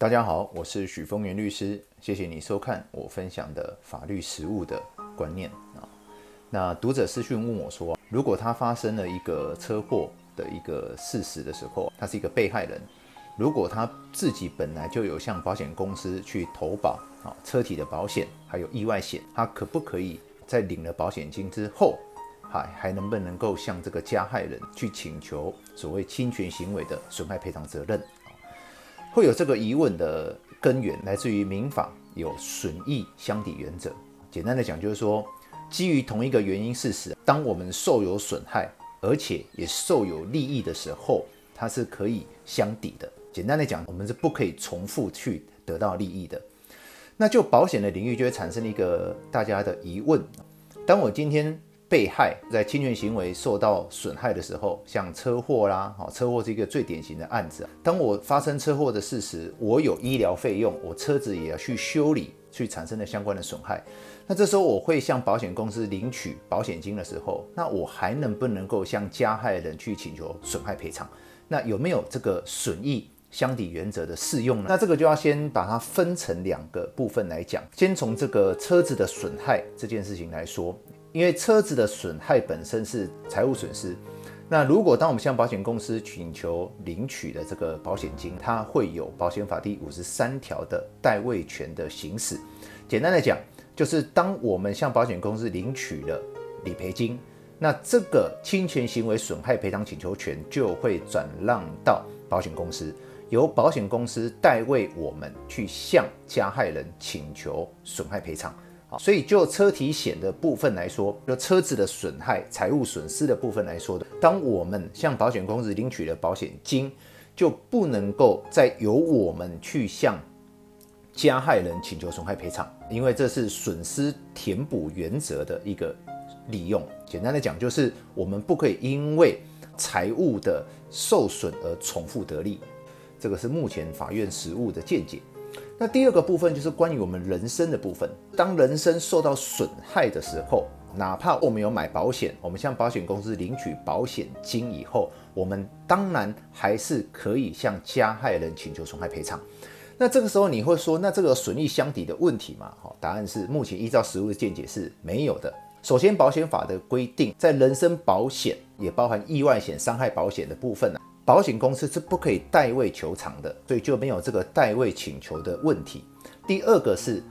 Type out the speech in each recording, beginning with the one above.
大家好，我是許峰源律師，謝謝你收看我分享的法律實務的觀念啊。那讀者私訊問我說，如果他發生了一個車禍的一個事實的時候，他是一個被害人，如果他自己本來就有向保險公司去投保啊車體的保險，還有意外險，他可不可以在領了保險金之後，還還能不能夠向這個加害人去請求所謂侵權行為的損害賠償責任？會有這個疑問的根源來自於民法有損益相抵原則。簡單的講，就是說基於同一個原因事實，當我們受有損害，而且也受有利益的時候，它是可以相抵的。簡單的講，我們是不可以重複去得到利益的。那就保險的領域就會產生一個大家的疑問：當我今天……被害在侵權行為受到損害的時候，像車禍啦，好，車禍是一個最典型的案子。當我發生車禍的事實，我有醫療費用，我車子也要去修理，去產生了相關的損害。那這時候我會向保險公司領取保險金的時候，那我還能不能夠向加害人去請求損害賠償？那有沒有這個損益相抵原則的適用呢？那這個就要先把它分成兩個部分來講。先從這個車子的損害這件事情來說。因為車子的損害本身是財務損失，那如果當我們向保險公司請求領取的這個保險金，它會有保險法第五十三條的代位權的行使。簡單來講，就是當我們向保險公司領取了理賠金，那這個侵權行為損害賠償請求權就會轉讓到保險公司，由保險公司代為我們去向加害人請求損害賠償。所以，就車體險的部分來說，就車子的損害、財務損失的部分來說，當我們向保險公司領取了保險金，就不能夠再由我們去向加害人請求損害賠償，因為這是損失填補原則的一個利用。簡單的講，就是我們不可以因為財務的受損而重複得利。這個是目前法院實務的見解。那第二個部分就是關於我們人身的部分。當人身受到損害的時候，哪怕我們有買保險，我們向保險公司領取保險金以後，我們當然還是可以向加害人請求損害賠償。那這個時候你會說，那這個損益相抵的問題嗎？好，答案是目前依照實務的見解是沒有的。首先，保險法的規定，在人身保險也包含意外險、傷害保險的部分呢、啊。保險公司是不可以代位求償的，所以就沒有這個代位請求的問題。第二個是，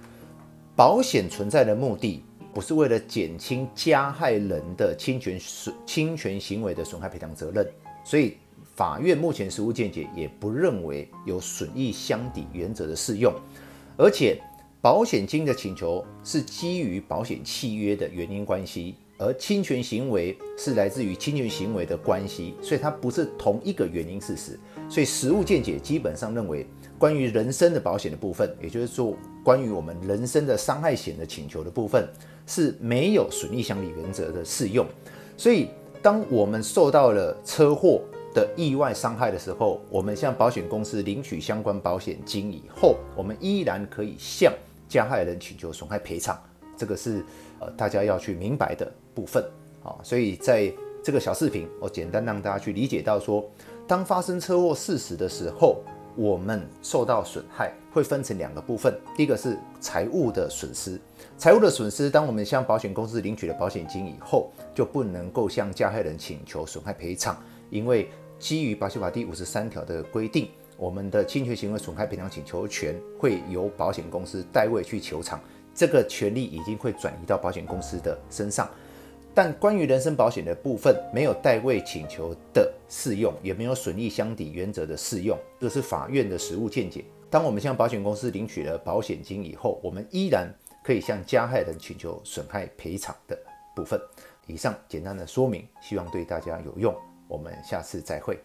保險存在的目的不是為了減輕加害人的侵權損侵權行為的損害賠償責任，所以法院目前實務見解也不認為有損益相抵原則的適用，而且。保險金的請求是基於保險契約的原因關係，而侵權行為是來自於侵權行為的關係，所以它不是同一個原因事實。所以實務見解基本上認為，關於人身的保險的部分，也就是說關於我們人身的傷害險的請求的部分，是沒有損益相抵原則的適用。所以，當我們受到了車禍的意外傷害的時候，我們向保險公司領取相關保險金以後，我們依然可以向。加害人請求損害賠償，這個是呃大家要去明白的部分啊。所以在這個小視頻，我簡單讓大家去理解到說，當發生車禍事實的時候，我們受到損害會分成兩個部分，第一個是財務的損失。財務的損失，當我們向保險公司領取了保險金以後，就不能夠向加害人請求損害賠償，因為基於保險法第五十三條的規定。我們的侵權行為損害賠償請求權會由保險公司代位去求償，這個權利已經會轉移到保險公司的身上。但關於人身保險的部分，沒有代位請求的適用，也沒有損益相抵原則的適用，這是法院的實務見解。當我們向保險公司領取了保險金以後，我們依然可以向加害人請求損害賠償的部分。以上簡單的說明，希望對大家有用。我們下次再會。